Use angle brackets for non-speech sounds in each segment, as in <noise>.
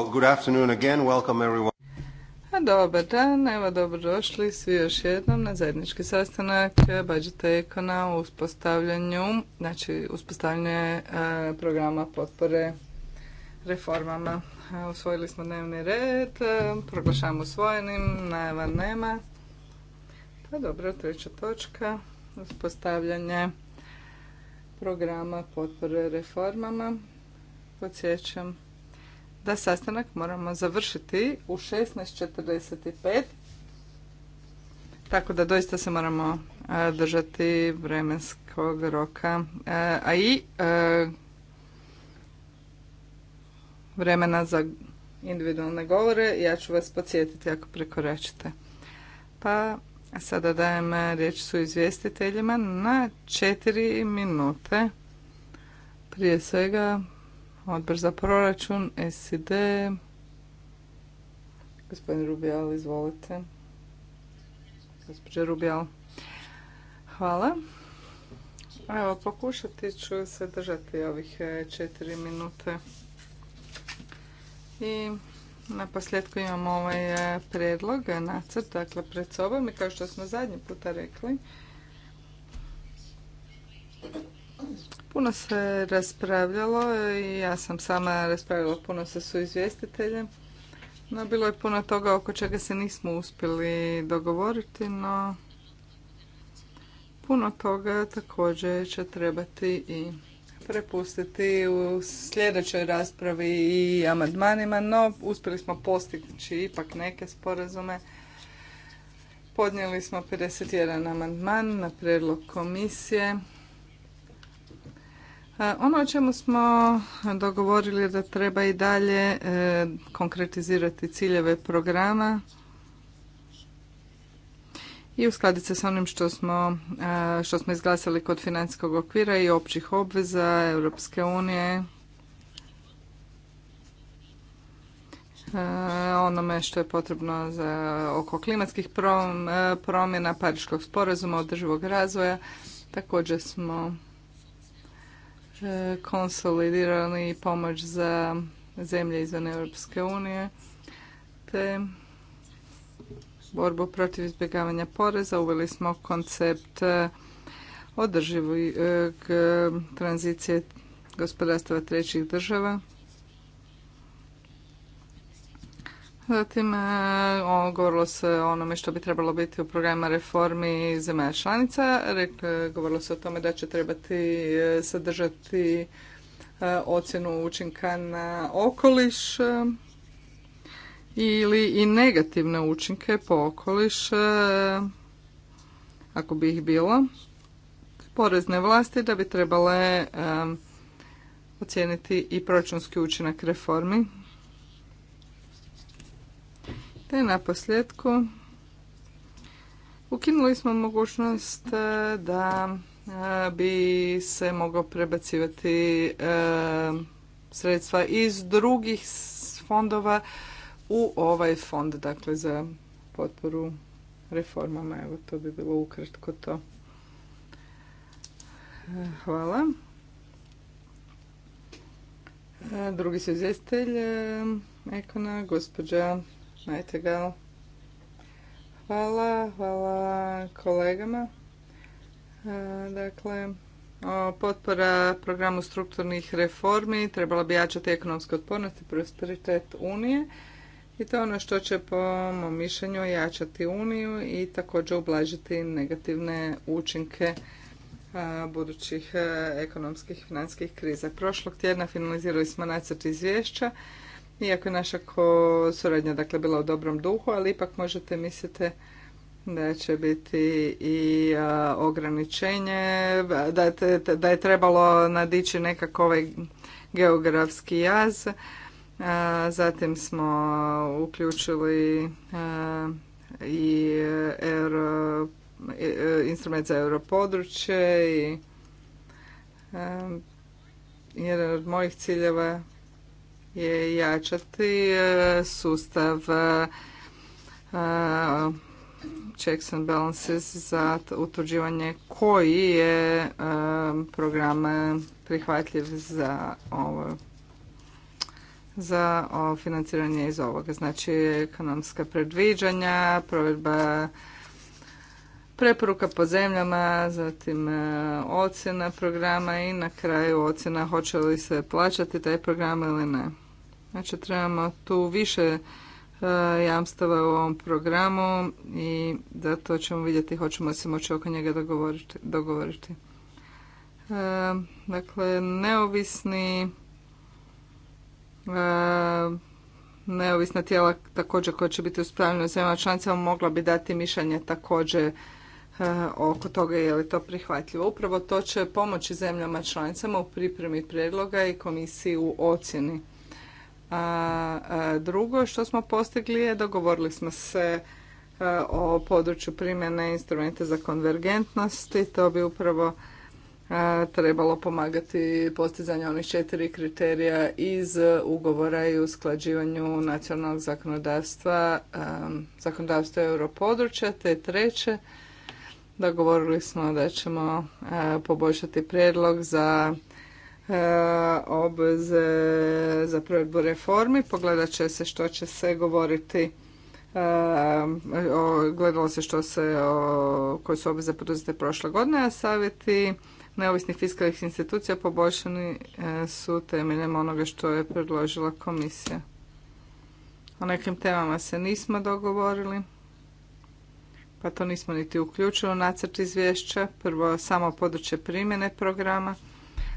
Good Dobar dan, evo dobrodošli svi još jednom na zajednički sastanak Bađete Econa u uspostavljanju, znači uspostavljanje e, programa potpore reformama. E, usvojili smo dnevni red, e, proglašavamo usvojenim, najava nema. Pa dobro, treća točka, uspostavljanje programa potpore reformama. Podsjećam da sastanak moramo završiti u 16.45, tako da doista se moramo e, držati vremenskog roka, e, a i e, vremena za individualne govore. Ja ću vas podsjetiti ako prekoračite. Pa sada dajem riječ su izvjestiteljima na četiri minute. Prije svega Odbor za proračun, SID. Gospodin Rubijal, izvolite. Gospodin Rubijal. Hvala. Evo, pokušati ću se držati ovih e, četiri minute. I na posljedku imamo ovaj e, predlog, e, nacrt, dakle, pred sobom. I kao što smo zadnji puta rekli, Puno se raspravljalo i ja sam sama raspravljala puno sa suizvjestiteljem. No, bilo je puno toga oko čega se nismo uspjeli dogovoriti, no puno toga također će trebati i prepustiti u sljedećoj raspravi i amandmanima, no uspjeli smo postići ipak neke sporazume. Podnijeli smo 51 amandman na prijedlog komisije ono o čemu smo dogovorili da treba i dalje e, konkretizirati ciljeve programa i uskladiti se s onim što smo, e, što smo izglasali kod financijskog okvira i općih obveza Europske unije e, onome što je potrebno za, oko klimatskih promjena, pariškog sporazuma, održivog razvoja. Također smo Eh, konsolidirani pomoć za zemlje izvan Europske unije, te borbu protiv izbjegavanja poreza. Uveli smo koncept eh, održivog eh, tranzicije gospodarstva trećih država Zatim, e, govorilo se o onome što bi trebalo biti u programima reformi zemlja članica. E, govorilo se o tome da će trebati e, sadržati ocjenu učinka na okoliš ili i negativne učinke po okoliš, ako bi ih bilo. Porezne vlasti da bi trebale ocijeniti i proračunski učinak reformi te na posljedku ukinuli smo mogućnost e, da e, bi se moglo prebacivati e, sredstva iz drugih fondova u ovaj fond, dakle za potporu reformama. Evo, to bi bilo ukratko to. Hvala. Drugi se izvjestitelj Ekona, gospođa ga. Hvala, hvala kolegama. E, dakle, potpora programu strukturnih reformi trebala bi jačati ekonomsku otpornost i prosperitet Unije. I to je ono što će po mom mišljenju jačati Uniju i također ublažiti negativne učinke e, budućih e, ekonomskih i financijskih kriza. Prošlog tjedna finalizirali smo nacrt izvješća iako je naša suradnja dakle, bila u dobrom duhu, ali ipak možete mislite da će biti i ograničenje, da, da je trebalo nadići nekako ovaj geografski jaz. zatim smo uključili i e, instrument za europodručje i jedan od mojih ciljeva je jačati e, sustav e, e, checks and balances za utvrđivanje koji je program prihvatljiv za ovo za financiranje iz ovoga. Znači ekonomska predviđanja, provedba preporuka po zemljama, zatim ocjena programa i na kraju ocjena hoće li se plaćati taj program ili ne. Znači trebamo tu više e, jamstava u ovom programu i da to ćemo vidjeti hoćemo se moći oko njega dogovoriti. E, dakle, neovisni e, neovisna tijela također koja će biti uspravljena zemljama članicama mogla bi dati mišljenje također oko toga je li to prihvatljivo. Upravo to će pomoći zemljama članicama u pripremi predloga i komisiji u ocjeni a drugo što smo postigli je dogovorili smo se e, o području primjene instrumenta za konvergentnost i to bi upravo e, trebalo pomagati postizanju onih četiri kriterija iz ugovora i usklađivanju nacionalnog zakonodavstva, e, zakonodavstva europodručja, te treće, dogovorili smo da ćemo poboljšati prijedlog za E, obveze za provedbu reformi. Pogledat će se što će se govoriti e, gledalo se što se koje su obveze poduzete prošle godine, a savjeti neovisnih fiskalnih institucija poboljšani e, su temeljem onoga što je predložila komisija. O nekim temama se nismo dogovorili, pa to nismo niti uključili u nacrt izvješća. Prvo samo područje primjene programa –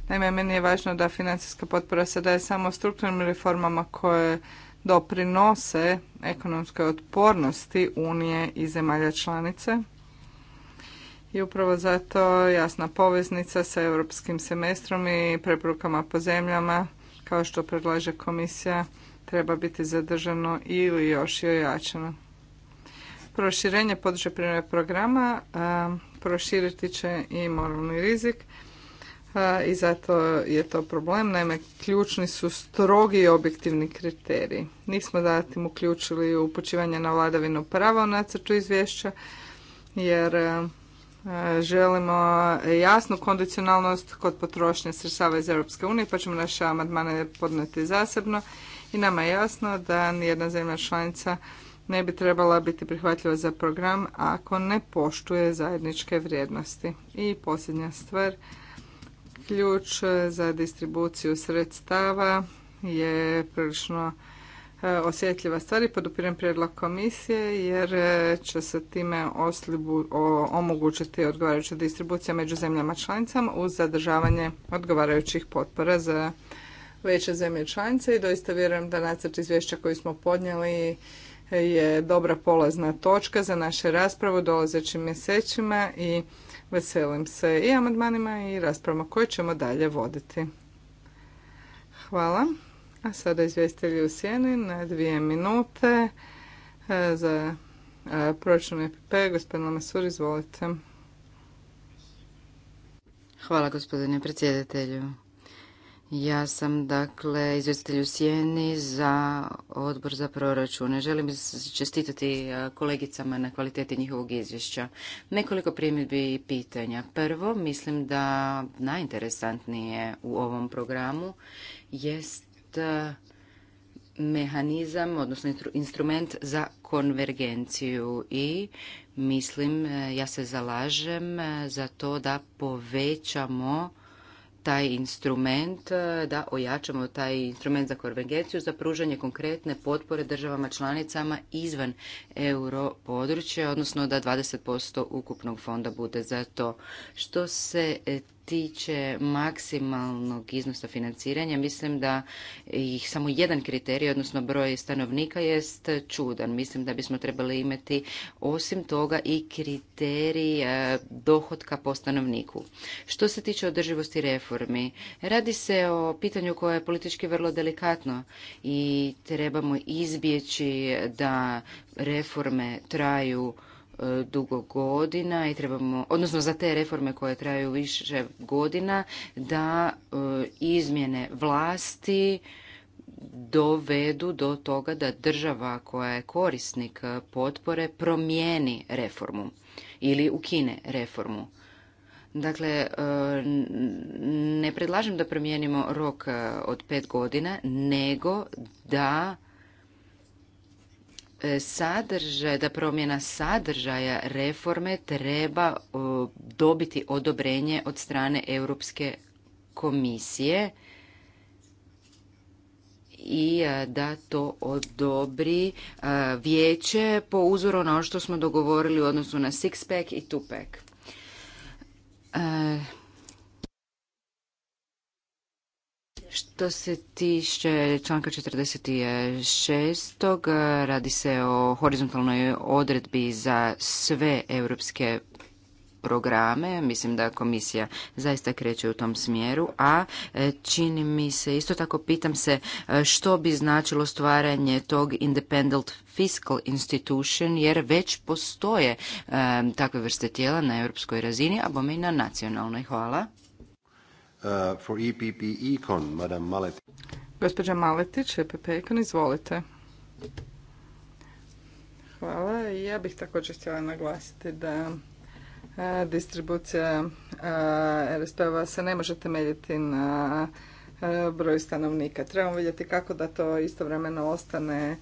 Naime, meni je važno da financijska potpora se daje samo strukturnim reformama koje doprinose ekonomskoj otpornosti Unije i zemalja članice. I upravo zato jasna poveznica sa europskim semestrom i preporukama po zemljama, kao što predlaže komisija, treba biti zadržano ili još i ojačano. Proširenje područja primjera programa proširiti će i moralni rizik, i zato je to problem. Naime, ključni su strogi i objektivni kriteriji. Nismo zatim uključili upućivanje na vladavinu prava u nacrtu izvješća, jer želimo jasnu kondicionalnost kod potrošnje sredstava iz Europske unije, pa ćemo naše amandmane podneti zasebno. I nama je jasno da nijedna zemlja članica ne bi trebala biti prihvatljiva za program ako ne poštuje zajedničke vrijednosti. I posljednja stvar, ključ za distribuciju sredstava je prilično e, osjetljiva stvar i podupiram prijedlog komisije jer e, će se time oslibu, omogućiti odgovarajuća distribucija među zemljama članicama uz zadržavanje odgovarajućih potpora za veće zemlje članice i doista vjerujem da nacrt izvješća koji smo podnijeli je dobra polazna točka za naše raspravu u dolazećim mjesecima i Veselim se i amandmanima i raspravama koje ćemo dalje voditi. Hvala. A sada izvjestitelji u sjeni na dvije minute e, za e, proračun EPP. Gospodin Lamasur, izvolite. Hvala gospodine predsjedatelju. Ja sam, dakle, izvjestitelj u Sjeni za odbor za proračune. Želim čestitati kolegicama na kvaliteti njihovog izvješća. Nekoliko primjedbi i pitanja. Prvo, mislim da najinteresantnije u ovom programu jest mehanizam, odnosno instrument za konvergenciju i mislim, e, ja se zalažem e, za to da povećamo taj instrument, e, da ojačamo taj instrument za konvergenciju za pružanje konkretne potpore državama članicama izvan euro područja, odnosno da 20% ukupnog fonda bude za to. Što se e, tiče maksimalnog iznosa financiranja, mislim da ih samo jedan kriterij, odnosno broj stanovnika, jest čudan. Mislim da bismo trebali imati osim toga i kriterij e, dohotka po stanovniku. Što se tiče održivosti reformi, radi se o pitanju koje je politički vrlo delikatno i trebamo izbjeći da reforme traju E, dugo godina i trebamo, odnosno za te reforme koje traju više godina, da e, izmjene vlasti dovedu do toga da država koja je korisnik potpore promijeni reformu ili ukine reformu. Dakle, e, ne predlažem da promijenimo rok od pet godina, nego da E, sadržaj, da promjena sadržaja reforme treba e, dobiti odobrenje od strane Europske komisije i e, da to odobri vijeće po uzoru na ono što smo dogovorili u odnosu na six pack i two pack. Što se tiče članka 46. radi se o horizontalnoj odredbi za sve europske programe. Mislim da komisija zaista kreće u tom smjeru, a e, čini mi se, isto tako pitam se e, što bi značilo stvaranje tog independent fiscal institution, jer već postoje e, takve vrste tijela na europskoj razini, a bome i na nacionalnoj. Hvala. Uh, for EPP Econ, Madam Maletić. Gospođa Maletić, EPP Econ, izvolite. Hvala. Ja bih također htjela naglasiti da uh, distribucija uh, RSP-ova se ne može temeljiti na broju stanovnika. Trebamo vidjeti kako da to istovremeno ostane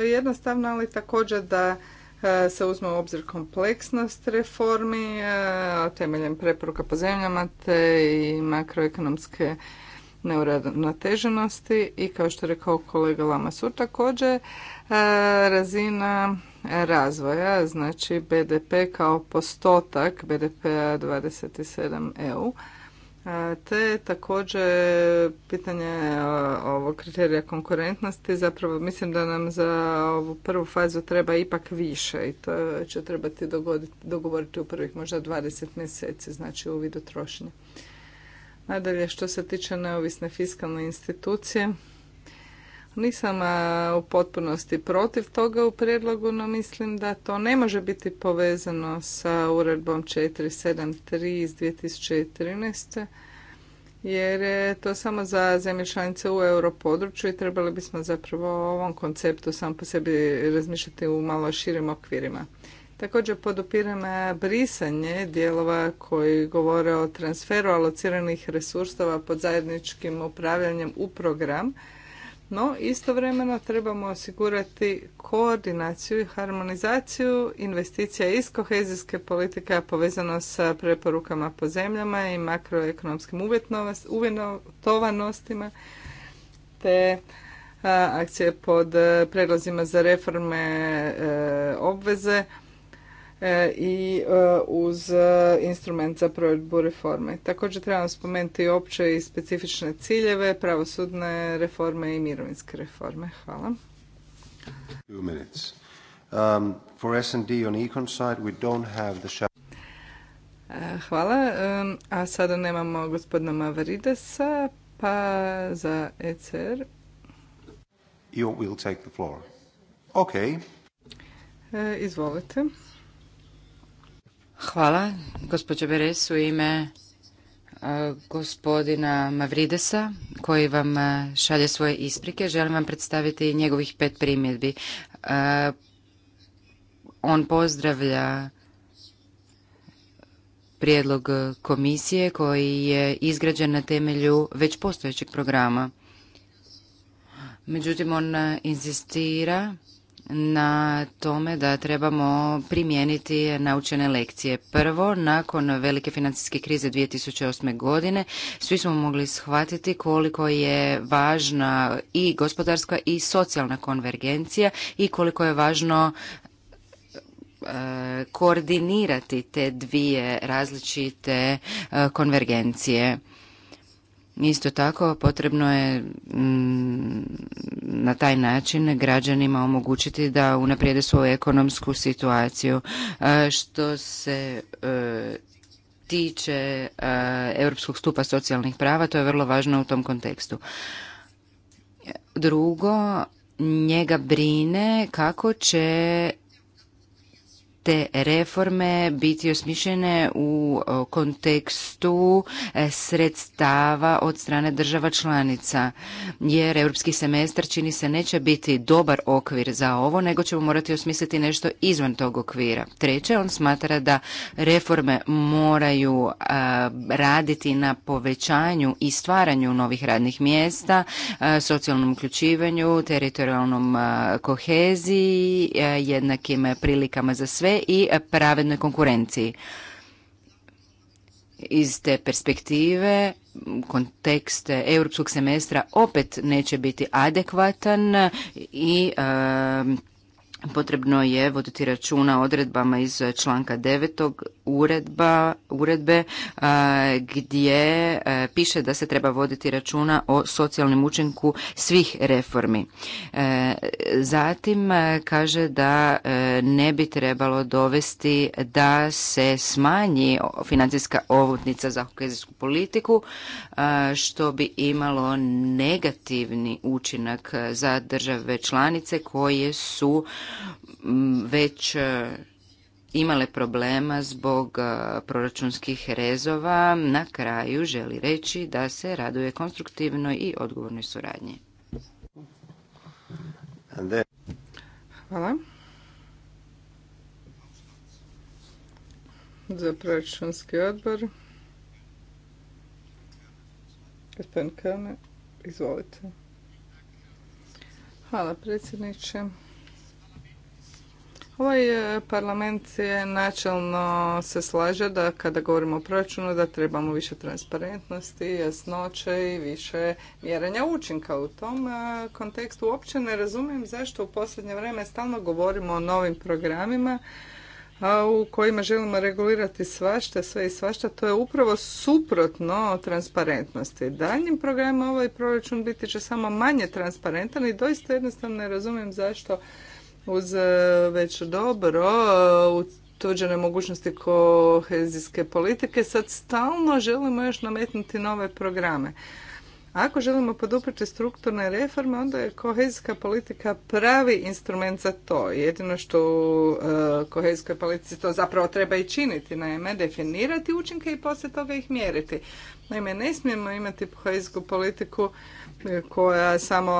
jednostavno, ali također da E, se uzme u obzir kompleksnost reformi e, temeljem preporuka po zemljama te i makroekonomske neuravnoteženosti i kao što je rekao kolega Lamasur također e, razina razvoja, znači BDP kao postotak BDP-a 27 EU te također pitanje ovog kriterija konkurentnosti, zapravo mislim da nam za ovu prvu fazu treba ipak više i to će trebati dogoditi, dogovoriti u prvih možda 20 mjeseci, znači u vidu trošnje. Nadalje, što se tiče neovisne fiskalne institucije, nisam u potpunosti protiv toga u prijedlogu, no mislim da to ne može biti povezano sa uredbom 473 iz 2013. jer je to samo za zemlje članice u europodručju i trebali bismo zapravo o ovom konceptu sam po sebi razmišljati u malo širim okvirima. Također podupiram brisanje dijelova koji govore o transferu alociranih resursova pod zajedničkim upravljanjem u program, no, istovremeno trebamo osigurati koordinaciju i harmonizaciju investicija iz kohezijske politike povezano sa preporukama po zemljama i makroekonomskim uvjetovanostima te akcije pod e, predlozima za reforme e, obveze E, i e, uz e, instrument za provedbu reforme. Također trebamo spomenuti opće i specifične ciljeve, pravosudne reforme i mirovinske reforme. Hvala. Hvala. A sada nemamo gospodina Mavaridesa, pa za ECR. Izvolite. Hvala. Gospođo Beres, u ime e, gospodina Mavridesa koji vam e, šalje svoje isprike. Želim vam predstaviti njegovih pet primjedbi. E, on pozdravlja prijedlog komisije koji je izgrađen na temelju već postojećeg programa. Međutim, on insistira na tome da trebamo primijeniti naučene lekcije. Prvo, nakon velike financijske krize 2008. godine, svi smo mogli shvatiti koliko je važna i gospodarska i socijalna konvergencija i koliko je važno e, koordinirati te dvije različite e, konvergencije Isto tako potrebno je mm, na taj način građanima omogućiti da unaprijede svoju ekonomsku situaciju. E, što se e, tiče e, Europskog stupa socijalnih prava, to je vrlo važno u tom kontekstu. Drugo, njega brine kako će te reforme biti osmišljene u e, kontekstu e, sredstava od strane država članica. Jer europski semestar čini se neće biti dobar okvir za ovo, nego ćemo morati osmisliti nešto izvan tog okvira. Treće, on smatra da reforme moraju e, raditi na povećanju i stvaranju novih radnih mjesta, socijalnom uključivanju, teritorijalnom koheziji, jednakim prilikama za sve i pravednoj konkurenciji. Iz te perspektive kontekst europskog semestra opet neće biti adekvatan i e, potrebno je voditi računa odredbama iz članka 9. uredba, uredbe gdje e, piše da se treba voditi računa o socijalnom učinku svih reformi. E, zatim e, kaže da ne bi trebalo dovesti da se smanji financijska ovutnica za kohezijsku politiku što bi imalo negativni učinak za države članice koje su već e, imale problema zbog e, proračunskih rezova, na kraju želi reći da se raduje konstruktivnoj i odgovornoj suradnji. Hvala. Za proračunski odbor. Gospodin izvolite. Hvala predsjedniče. Ovaj e, parlament je načelno se slaže da kada govorimo o proračunu da trebamo više transparentnosti, jasnoće i više mjerenja učinka. U tom e, kontekstu uopće ne razumijem zašto u posljednje vrijeme stalno govorimo o novim programima e, u kojima želimo regulirati svašta, sve i svašta, to je upravo suprotno transparentnosti. Daljnim programima ovaj proračun biti će samo manje transparentan i doista jednostavno ne razumijem zašto uz e, već dobro e, utvrđene mogućnosti kohezijske politike, sad stalno želimo još nametnuti nove programe. Ako želimo poduprati strukturne reforme, onda je kohezijska politika pravi instrument za to. Jedino što u e, kohezijskoj politici to zapravo treba i činiti, naime, definirati učinke i poslije toga ih mjeriti. Naime, ne smijemo imati kohezijsku politiku koja samo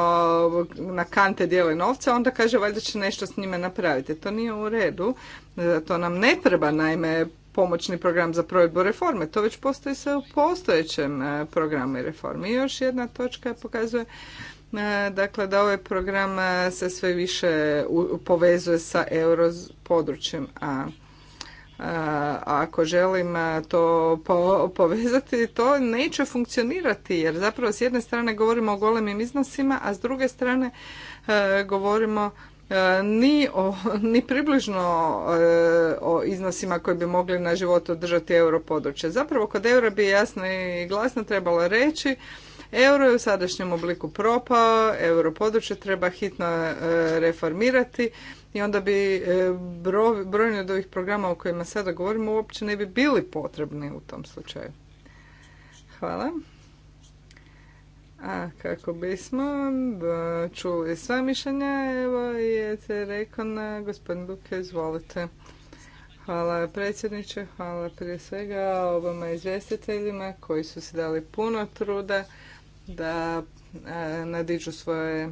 na kante dijeli novca, onda kaže valjda će nešto s njime napraviti. To nije u redu, to nam ne treba naime pomoćni program za provedbu reforme, to već postoji sve u postojećem e, programu i reformi. I još jedna točka pokazuje e, dakle da ovaj program e, se sve više povezuje sa euro područjem, a a ako želim to povezati, to neće funkcionirati jer zapravo s jedne strane govorimo o golemim iznosima, a s druge strane e, govorimo e, ni, o, <laughs> ni približno e, o iznosima koji bi mogli na životu održati euro područje. Zapravo kod euro bi jasno i glasno trebalo reći Euro je u sadašnjem obliku propao, europodručje treba hitno reformirati i onda bi e, brojni od ovih programa o kojima sada govorimo uopće ne bi bili potrebni u tom slučaju. Hvala. A kako bismo čuli sva mišljenja, evo je te rekao na gospodin Luke, izvolite. Hvala predsjedniče, hvala prije svega obama izvjestiteljima koji su se dali puno truda da E, nadiđu svoje e,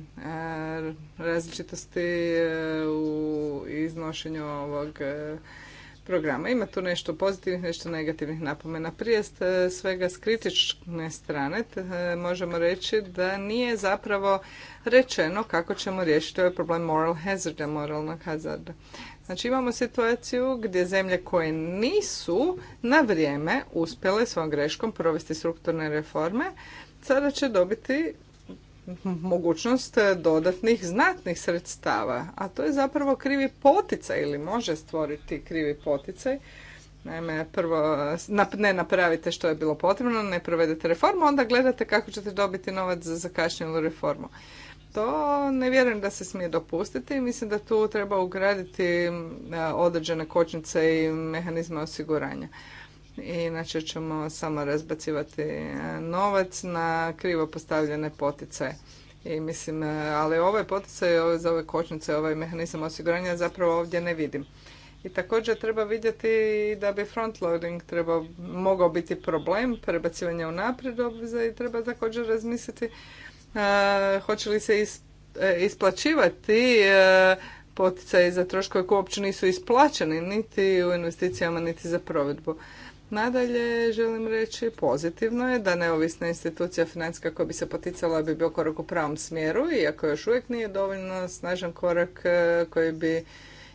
različitosti e, u iznošenju ovog programa. Ima tu nešto pozitivnih, nešto negativnih napomena. Prije svega s kritične strane možemo reći da nije zapravo rečeno kako ćemo riješiti ovaj problem moral hazarda, moralnog hazarda. Znači imamo situaciju gdje zemlje koje nisu na vrijeme uspjele svojom greškom provesti strukturne reforme, sada će dobiti mogućnost dodatnih znatnih sredstava, a to je zapravo krivi poticaj ili može stvoriti krivi poticaj. Naime, prvo ne napravite što je bilo potrebno, ne provedete reformu, onda gledate kako ćete dobiti novac za zakašnjelu reformu. To ne vjerujem da se smije dopustiti. i Mislim da tu treba ugraditi određene kočnice i mehanizme osiguranja inače ćemo samo razbacivati e, novac na krivo postavljene poticaje. I mislim, e, ali ovaj poticaj za ove kočnice, ovaj mehanizam osiguranja zapravo ovdje ne vidim. I također treba vidjeti da bi frontloading treba mogao biti problem prebacivanja u naprijed obveza i treba također razmisliti e, hoće li se is, isplaćivati poticaji za troškove koji uopće nisu isplaćeni niti u investicijama niti za provedbu. Nadalje, želim reći pozitivno je da neovisna institucija financijska koja bi se poticala bi bio korak u pravom smjeru, iako još uvijek nije dovoljno snažan korak e, koji bi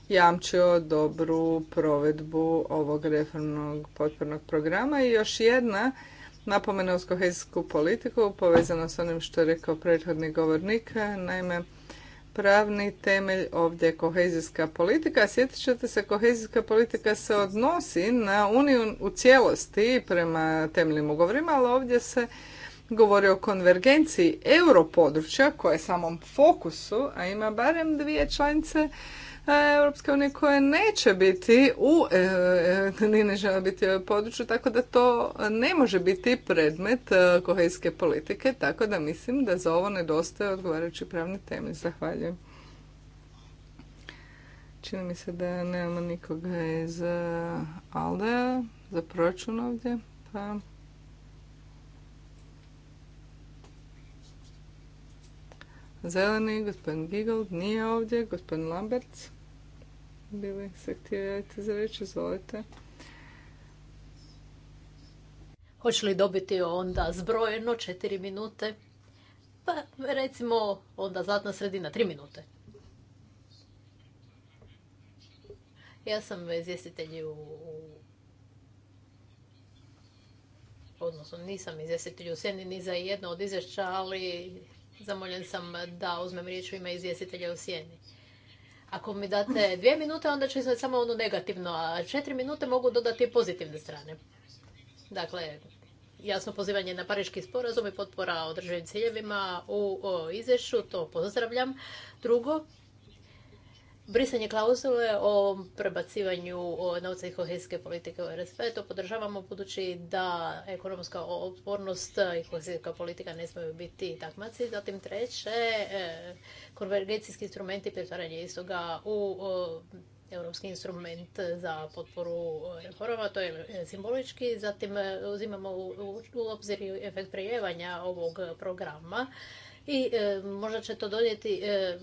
jamčio dobru provedbu ovog reformnog potpornog programa. I još jedna napomena uz kohezijsku politiku povezano s onim što je rekao prethodni govornik. Naime, pravni temelj ovdje kohezijska politika. Sjetit ćete se, kohezijska politika se odnosi na Uniju u cijelosti prema temeljnim ugovorima, ali ovdje se govori o konvergenciji europodručja koje je samom fokusu, a ima barem dvije članice Europske unije koje neće biti u, e, ni ne žele biti u području, tako da to ne može biti predmet e, kohezijske politike, tako da mislim da za ovo nedostaje odgovarajući pravni temelj. Zahvaljujem. Čini mi se da nemamo nikoga iz e, Alde. za proračun ovdje, pa- Zeleni, gospodin Gigold nije ovdje, gospodin Lamberts bili se htio za reći, izvolite. Hoće li dobiti onda zbrojeno četiri minute? Pa recimo onda zlatna sredina, tri minute. Ja sam izvjestitelj u... Odnosno, nisam izvjestitelj u Sjeni ni za jedno od izvješća, ali zamoljen sam da uzmem riječ u ime izvjestitelja u Sjeni. Ako mi date dvije minute, onda ću izvati samo ono negativno, a četiri minute mogu dodati pozitivne strane. Dakle, jasno pozivanje na pariški sporazum i potpora održivim ciljevima u izvješću, to pozdravljam. Drugo, brisanje klauzule o prebacivanju novca i kohezijske politike u RSV. To podržavamo budući da ekonomska otpornost i kohezijska politika ne smaju biti takmaci. Zatim treće, e, konvergencijski instrumenti i pretvaranje istoga u europski instrument za potporu reforma, to je e, simbolički. Zatim e, uzimamo u obzir efekt prijevanja ovog programa i e, možda će to donijeti e,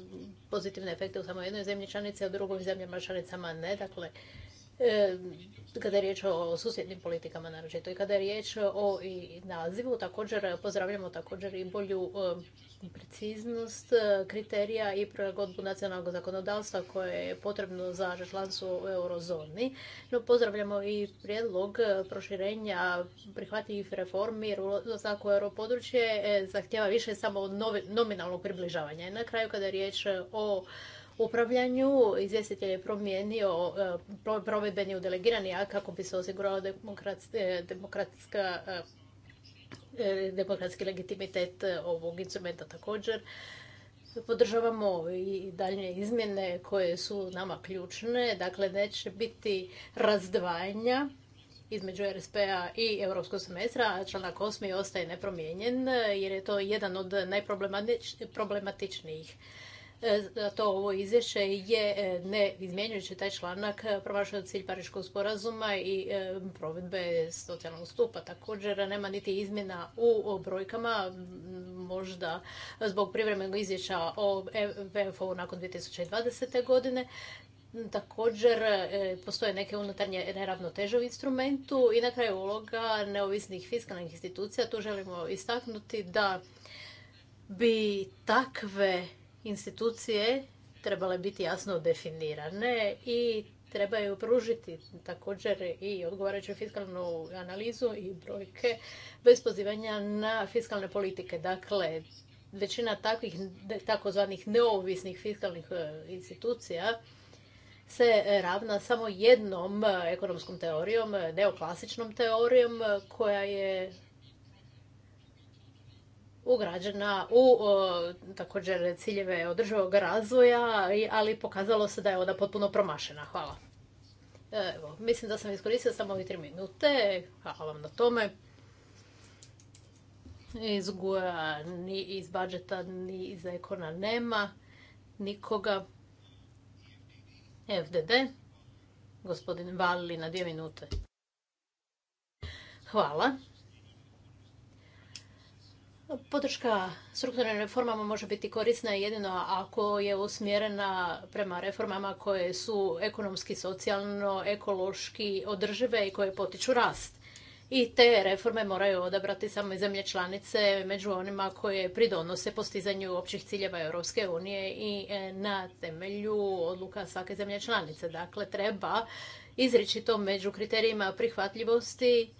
pozitivne efekte u samo jednoj zemlji članici, a u drugoj zemljama članicama ne. Dakle, E, kada je riječ o susjednim politikama naročito i kada je riječ o i nazivu također pozdravljamo također i bolju e, preciznost e, kriterija i prilagodbu nacionalnog zakonodavstva koje je potrebno za članstvo u eurozoni. No, pozdravljamo i prijedlog proširenja prihvatljivih reformi jer ulazak u europodručje zahtjeva više samo približavanja i Na kraju kada je riječ o upravljanju. Izvjestitelj je promijenio e, provedbeni u delegirani akt kako bi se osigurala e, demokratska e, demokratski legitimitet ovog instrumenta također. Podržavamo i dalje izmjene koje su nama ključne. Dakle, neće biti razdvajanja između RSP-a i Europskog semestra, a članak 8. ostaje nepromijenjen jer je to jedan od najproblematičnijih E, to ovo izvješće je e, ne izmjenjujući taj članak e, promašao cilj Pariškog sporazuma i provedbe socijalnog stupa. Također nema niti izmjena u brojkama, možda zbog privremenog izvješća o VFO nakon 2020. godine. Također postoje neke unutarnje neravnoteže u instrumentu i na kraju uloga neovisnih fiskalnih institucija. Tu želimo istaknuti da bi takve institucije trebale biti jasno definirane i trebaju pružiti također i odgovarajuću fiskalnu analizu i brojke bez pozivanja na fiskalne politike. Dakle, većina takvih takozvanih neovisnih fiskalnih e, institucija se ravna samo jednom e, ekonomskom teorijom, e, neoklasičnom teorijom koja je ugrađena u također ciljeve održivog razvoja, ali pokazalo se da je ona potpuno promašena. Hvala. E, evo, mislim da sam iskoristila samo ovi tri minute. Hvala vam na tome. Iz Guja, ni iz budžeta, ni iz Ekona nema nikoga. FDD, gospodin Vali na dvije minute. Hvala. Podrška strukturnim reformama može biti korisna jedino ako je usmjerena prema reformama koje su ekonomski, socijalno, ekološki održive i koje potiču rast. I te reforme moraju odabrati samo zemlje članice među onima koje pridonose postizanju općih ciljeva Europske unije i e, na temelju odluka svake zemlje članice. Dakle, treba izričito među kriterijima prihvatljivosti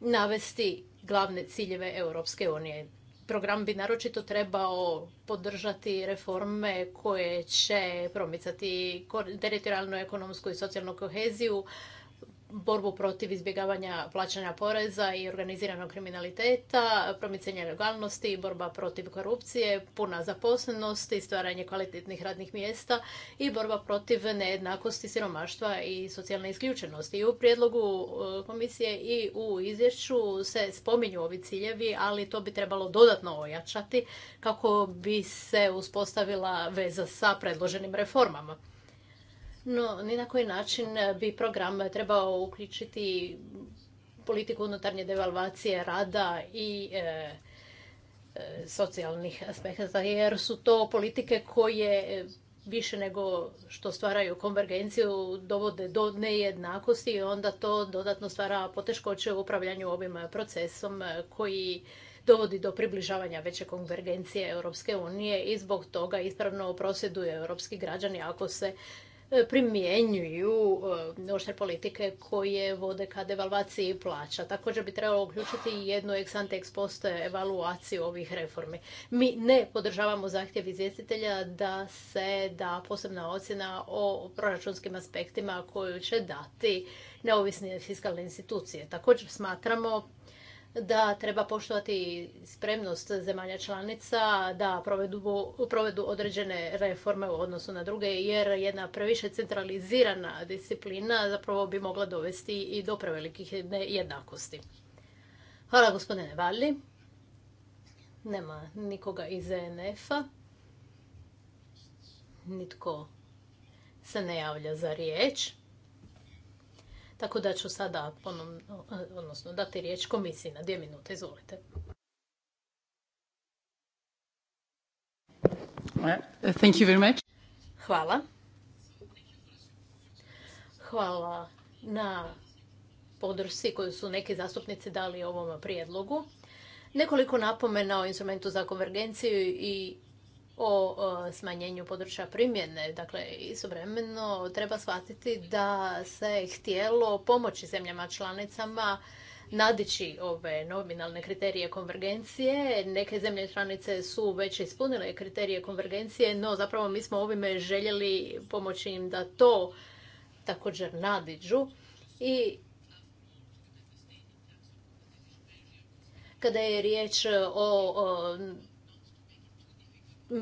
navesti glavne ciljeve Europske unije. Program bi naročito trebao podržati reforme koje će promicati teritorijalnu ekonomsku i socijalnu koheziju, borbu protiv izbjegavanja plaćanja poreza i organiziranog kriminaliteta, promicanje legalnosti, borba protiv korupcije, puna zaposlenost i stvaranje kvalitetnih radnih mjesta i borba protiv nejednakosti, siromaštva i socijalne isključenosti. I u prijedlogu e, komisije i u izvješću se spominju ovi ciljevi, ali to bi trebalo dodatno ojačati kako bi se uspostavila veza sa predloženim reformama. No, ni na koji način bi program trebao uključiti politiku unutarnje devalvacije rada i e, e, socijalnih aspekata, jer su to politike koje više nego što stvaraju konvergenciju dovode do nejednakosti i onda to dodatno stvara poteškoće u upravljanju ovim procesom koji dovodi do približavanja veće konvergencije Europske unije i zbog toga ispravno prosjeduju europski građani ako se E, primjenjuju e, oštre politike koje vode ka devalvaciji plaća. Također bi trebalo uključiti i jednu ex ante ex evaluaciju ovih reformi. Mi ne podržavamo zahtjev izvjestitelja da se da posebna ocjena o proračunskim aspektima koju će dati neovisne fiskalne institucije. Također smatramo da treba poštovati spremnost zemalja članica da provedu, provedu određene reforme u odnosu na druge, jer jedna previše centralizirana disciplina zapravo bi mogla dovesti i do prevelikih nejednakosti. Hvala gospodine Valli. Nema nikoga iz ENF-a. Nitko se ne javlja za riječ. Tako da ću sada ponovno, odnosno dati riječ komisiji na dvije minute. Izvolite. Thank you very much. Hvala. Hvala na podršci koju su neki zastupnici dali ovom prijedlogu. Nekoliko napomena o instrumentu za konvergenciju i o smanjenju područja primjene. Dakle, istovremeno treba shvatiti da se htjelo pomoći zemljama članicama nadići ove nominalne kriterije konvergencije. Neke zemlje članice su već ispunile kriterije konvergencije, no zapravo mi smo ovime željeli pomoći im da to također nadiđu. I kada je riječ o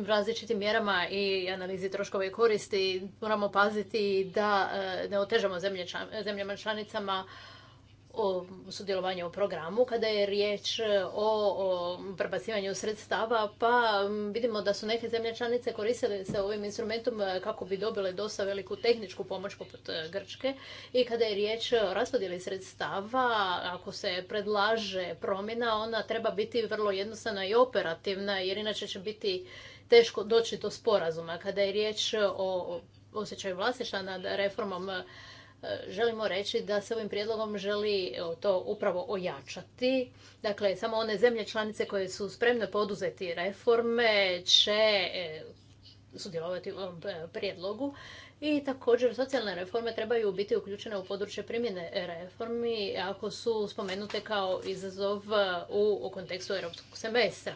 različitim mjerama i analizi troškove i koristi moramo paziti da e, ne otežamo zemljama članicama o sudjelovanju u programu kada je riječ o, o prebacivanju sredstava pa vidimo da su neke zemlje članice koristile se ovim instrumentom e, kako bi dobile dosta veliku tehničku pomoć poput e, Grčke i kada je riječ o raspodjeli sredstava ako se predlaže promjena ona treba biti vrlo jednostavna i operativna jer inače će biti teško doći do sporazuma. Kada je riječ e, o osjećaju vlasništva nad reformom, e, želimo reći da se ovim prijedlogom želi e, to upravo ojačati. Dakle, samo one zemlje članice koje su spremne poduzeti reforme će sudjelovati u ovom prijedlogu. I također socijalne reforme trebaju biti uključene u područje primjene reformi ako su spomenute kao izazov u kontekstu europskog semestra.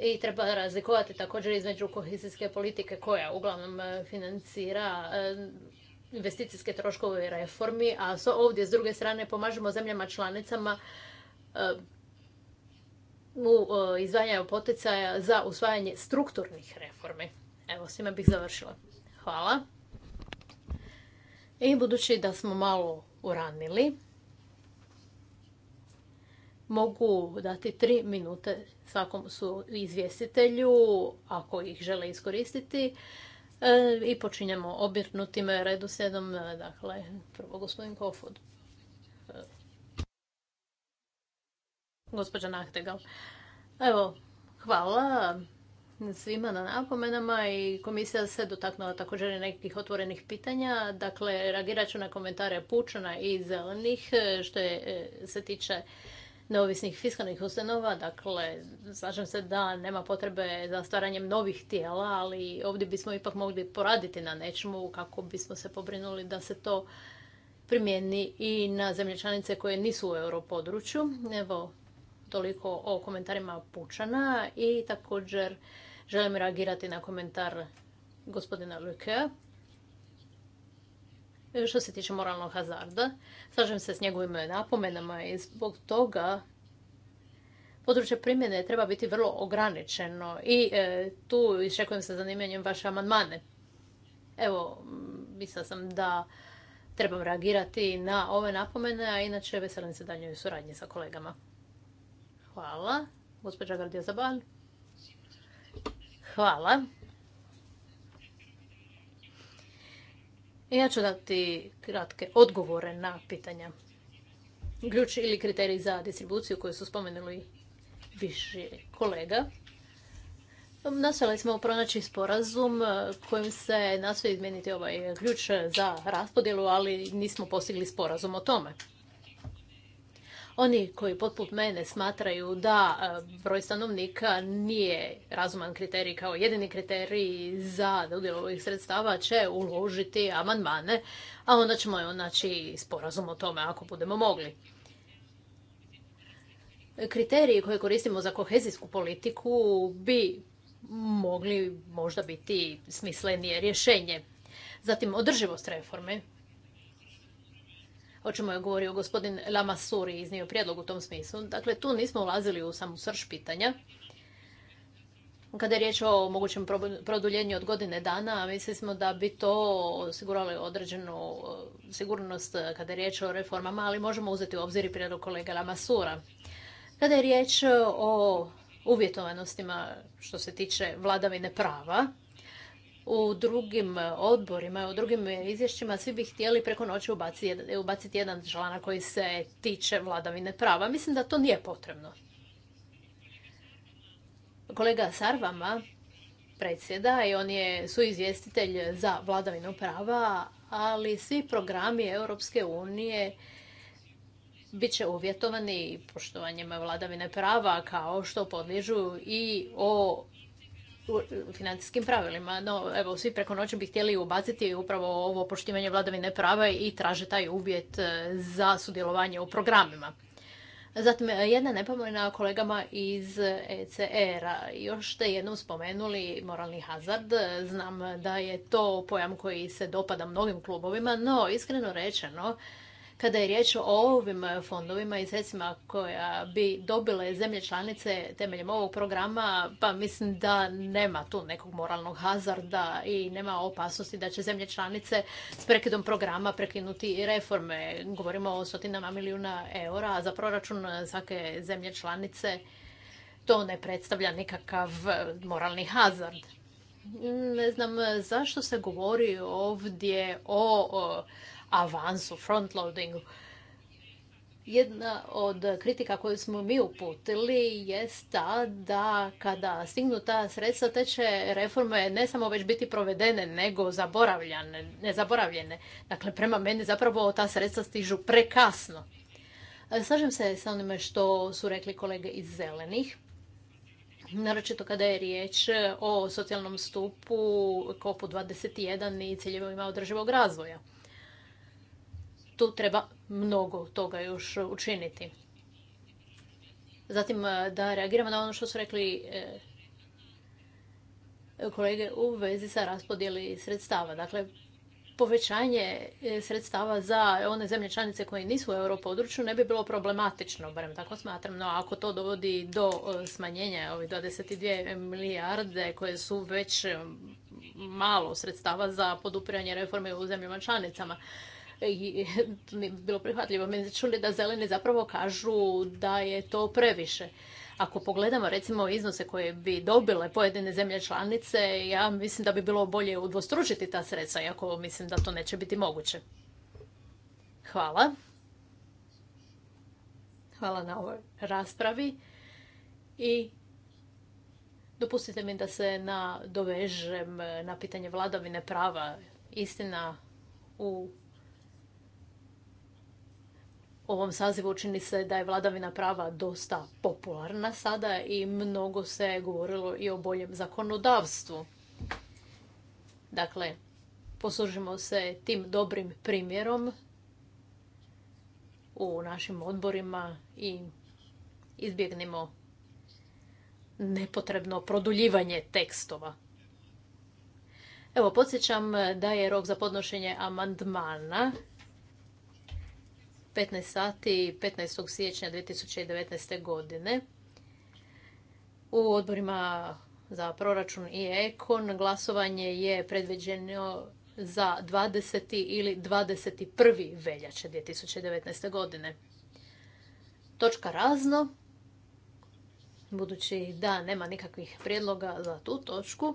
I treba razlikovati također između kohezijske politike koja uglavnom e, financira e, investicijske troškove i reformi, a ovdje s druge strane pomažemo zemljama članicama e, u izvajanju poticaja za usvajanje strukturnih reformi. Evo, svima bih završila. Hvala. I budući da smo malo uranili, mogu dati tri minute svakom su izvjestitelju ako ih žele iskoristiti. E, I počinjemo obirnutim redoslijedom, e, dakle, prvo gospodin Kofod. E, gospođa Evo, hvala svima na napomenama i komisija se dotaknula također nekih otvorenih pitanja. Dakle, reagirat ću na komentare Pučana i Zelenih e, što se tiče neovisnih fiskalnih ustanova. Dakle, slažem se da nema potrebe za stvaranjem novih tijela, ali ovdje bismo ipak mogli poraditi na nečemu kako bismo se pobrinuli da se to primjeni i na zemlje članice koje nisu u europodručju. Evo, toliko o komentarima Pučana i također želim reagirati na komentar gospodina Lukea. E, što se tiče moralnog hazarda, slažem se s njegovim napomenama i zbog toga područje primjene treba biti vrlo ograničeno i e, tu iščekujem sa zanimanjem vaše amandmane. Evo, mislila sam da trebam reagirati na ove napomene, a inače veselim se daljnjoj suradnji sa kolegama. Hvala. Gospođa Gardija Zabal. Hvala. Ja ću dati kratke odgovore na pitanja. Ključ ili kriterij za distribuciju koju su spomenuli više kolega. Nastojali smo pronaći sporazum e, kojim se nastoji izmijeniti ovaj ključ za raspodjelu, ali nismo postigli sporazum o tome. Oni koji poput mene smatraju da e, broj stanovnika nije razuman kriterij kao jedini kriterij za dodjelu ovih sredstava će uložiti amandmane, a onda ćemo naći sporazum o tome ako budemo mogli. Kriteriji koje koristimo za kohezijsku politiku bi mogli možda biti smislenije rješenje. Zatim održivost reforme o čemu je govorio gospodin Lamassuri iznio prijedlog u tom smislu. Dakle, tu nismo ulazili u samu srž pitanja. Kada je riječ o mogućem produljenju od godine dana, mislili smo da bi to osiguralo određenu e, sigurnost kada je riječ o reformama, ali možemo uzeti u obzir i prijedlog kolega Lamassura. Kada je riječ o uvjetovanostima što se tiče vladavine prava, u drugim e, odborima, u drugim izvješćima, svi bi htjeli preko noći ubaciti, jedan članak koji se tiče vladavine prava. Mislim da to nije potrebno. Kolega Sarvama predsjeda i on je suizvjestitelj za vladavinu prava, ali svi programi Europske unije bit će uvjetovani poštovanjem vladavine prava kao što podnižu i o financijskim pravilima. No, evo, svi preko noći bi htjeli ubaciti upravo ovo poštivanje vladavine prava i traže taj uvjet e, za sudjelovanje u programima. Zatim, e, jedna nepomena kolegama iz ECR-a. Još ste jednom spomenuli moralni hazard. Znam da je to pojam koji se dopada mnogim klubovima, no iskreno rečeno, kada je riječ o ovim fondovima i sredstvima koja bi dobile zemlje članice temeljem ovog programa, pa mislim da nema tu nekog moralnog hazarda i nema opasnosti da će zemlje članice s prekidom programa prekinuti reforme. Govorimo o stotinama milijuna eura, a za proračun svake zemlje članice to ne predstavlja nikakav moralni hazard. Ne znam zašto se govori ovdje o avansu, frontloadingu. Jedna od kritika koju smo mi uputili jest ta da kada stignu ta sredstva, te će reforme ne samo već biti provedene, nego zaboravljane ne Dakle, prema meni zapravo ta sredstva stižu prekasno. E, slažem se sa onime što su rekli kolege iz zelenih. Naročito kada je riječ o socijalnom stupu, kopu 21 i ciljevima održivog razvoja tu treba mnogo toga još učiniti. Zatim eh, da reagiramo na ono što su rekli eh, kolege u vezi sa raspodjeli sredstava. Dakle, povećanje eh, sredstava za one zemlje članice koje nisu u europodručju ne bi bilo problematično, barem tako smatram, no ako to dovodi do smanjenja ovih 22 milijarde koje su već malo sredstava za podupiranje reforme u zemljama članicama, <laughs> bilo prihvatljivo. Mi čuli da zeleni zapravo kažu da je to previše. Ako pogledamo recimo iznose koje bi dobile pojedine zemlje članice, ja mislim da bi bilo bolje udvostručiti ta sredstva, iako mislim da to neće biti moguće. Hvala. Hvala na ovoj raspravi i dopustite mi da se nadovežem na pitanje vladavine prava. Istina, u ovom sazivu čini se da je vladavina prava dosta popularna sada i mnogo se govorilo i o boljem zakonodavstvu. Dakle, poslužimo se tim dobrim primjerom u našim odborima i izbjegnimo nepotrebno produljivanje tekstova. Evo, podsjećam da je rok za podnošenje amandmana 15 sati 15. siječnja 2019. godine. U odborima za proračun i ekon glasovanje je predviđeno za 20. ili 21. veljače 2019. godine. Točka razno. Budući da nema nikakvih prijedloga za tu točku,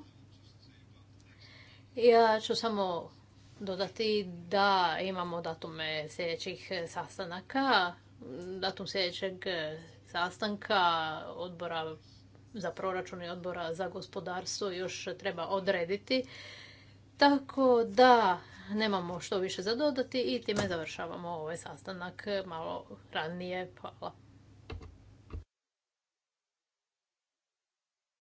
ja ću samo dodati da imamo datume sljedećih eh, sastanaka. Datum sljedećeg eh, sastanka odbora za proračun i odbora za gospodarstvo još treba odrediti. Tako da nemamo što više za dodati i time završavamo ovaj sastanak malo ranije. Hvala.